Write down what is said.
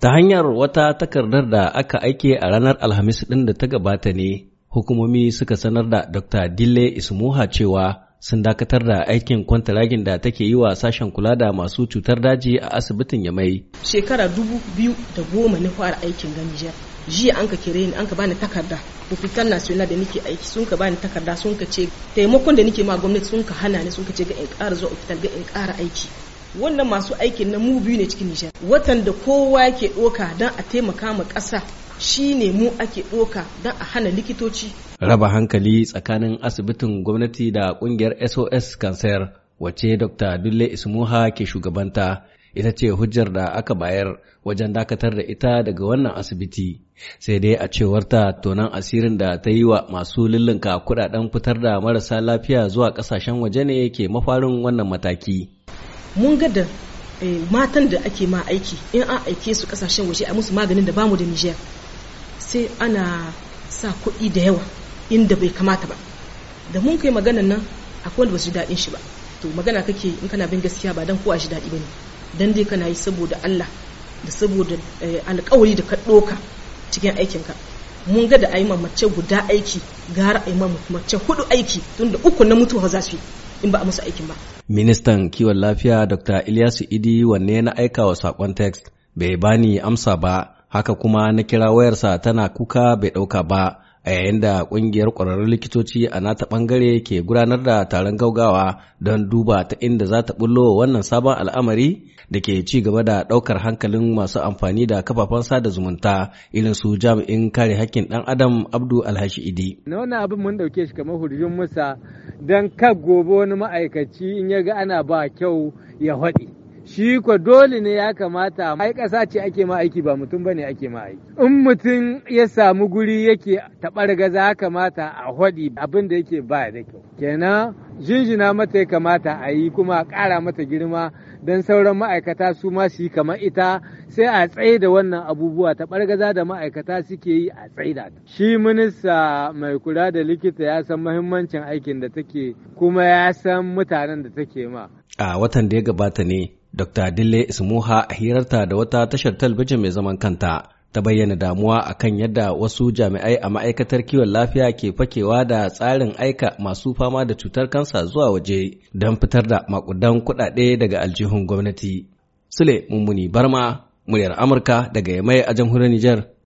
Ta hanyar wata takardar da aka aike a ranar Alhamis ɗin da ta gabata ne, hukumomi suka sanar da Dr. Dille Ismuha cewa sun dakatar da aikin kwantaragin da take yi wa sashen kula da masu cutar daji a asibitin Yamai. Shekara dubu biyu da goma na fara aikin gani Jiya an ka kire ni an ka bani takarda. Hospital National da nake aiki sun ka bani takarda sun ka ce taimakon da nake ma gwamnati sun ka hana ni sun ka ce ga in ƙara zuwa ga in ƙara aiki. wannan masu aikin na mu biyu ne cikin nijar watan da kowa ke ɗoka don a taimaka ma ƙasa shi ne mu ake ɗoka don a hana likitoci raba hankali tsakanin asibitin gwamnati da kungiyar sos cancer wacce dr dule ismuha ke shugabanta ita ce hujjar da aka bayar wajen dakatar da ita daga wannan asibiti sai dai a cewar ta tonan asirin da ta yi wa masu lullunka kudaden fitar da marasa lafiya zuwa kasashen waje ne ke mafarin wannan mataki mun ga da eh, matan da ake ma aiki in an aike su kasashen waje a musu maganin da bamu da Nijar sai ana sa kuɗi da yawa inda bai kamata ba da mun kai maganan nan akwai wanda ba su ji daɗin shi ba to magana kake in kana bin gaskiya ba dan kowa shi daɗi bane dan dai kana yi saboda Allah da saboda eh, alƙawari da ka ɗoka cikin ka mun ga da a yi mace guda aiki gara a yi mace hudu aiki tunda uku na mutuwa za su yi in ba a musu aikin ba. Ministan kiwon lafiya Dr. Ilyasu Idi wanne na aika wa sakon text bai bani amsa ba haka kuma na kira wayarsa tana kuka bai ɗauka ba a yayin da ƙungiyar ƙwararrun likitoci a nata ɓangare ke gudanar da taron gaugawa don duba ta inda za ta bullo wannan sabon al'amari da ke ci gaba da ɗaukar hankalin masu amfani da kafafen sada zumunta irin su jami'in kare hakkin ɗan adam abdu alhashi idi na wannan abin mun ɗauke shi kamar hurjin musa don kar gobe wani ma'aikaci in ya ga ana ba kyau ya haɗe shi ko dole ne ya kamata ai ƙasa ce ake ma aiki ba mutum bane ake ma aiki in mutum ya samu guri yake taɓargaza ya kamata a hodi abin da yake ba da kyau kenan jinjina mata ya kamata a yi kuma a ƙara mata girma don sauran ma'aikata su ma su yi kamar ita sai a tsaye da wannan abubuwa ta ɓargaza da ma'aikata suke yi a tsaye da ta. Shi minista mai kula da likita ya san mahimmancin aikin da take kuma ya san mutanen da take ma. A watan da ya gabata ne Dr. Dille Ismuha a hirarta da wata tashar talbijin mai zaman kanta ta bayyana damuwa akan yadda wasu jami'ai a ma'aikatar kiwon lafiya ke fakewa da tsarin aika masu fama da cutar kansa zuwa waje don fitar da makudan kuɗaɗe daga aljihun gwamnati. Sule Mummuni Barma, muryar Amurka daga Yamai a jamhuriyar Nijar.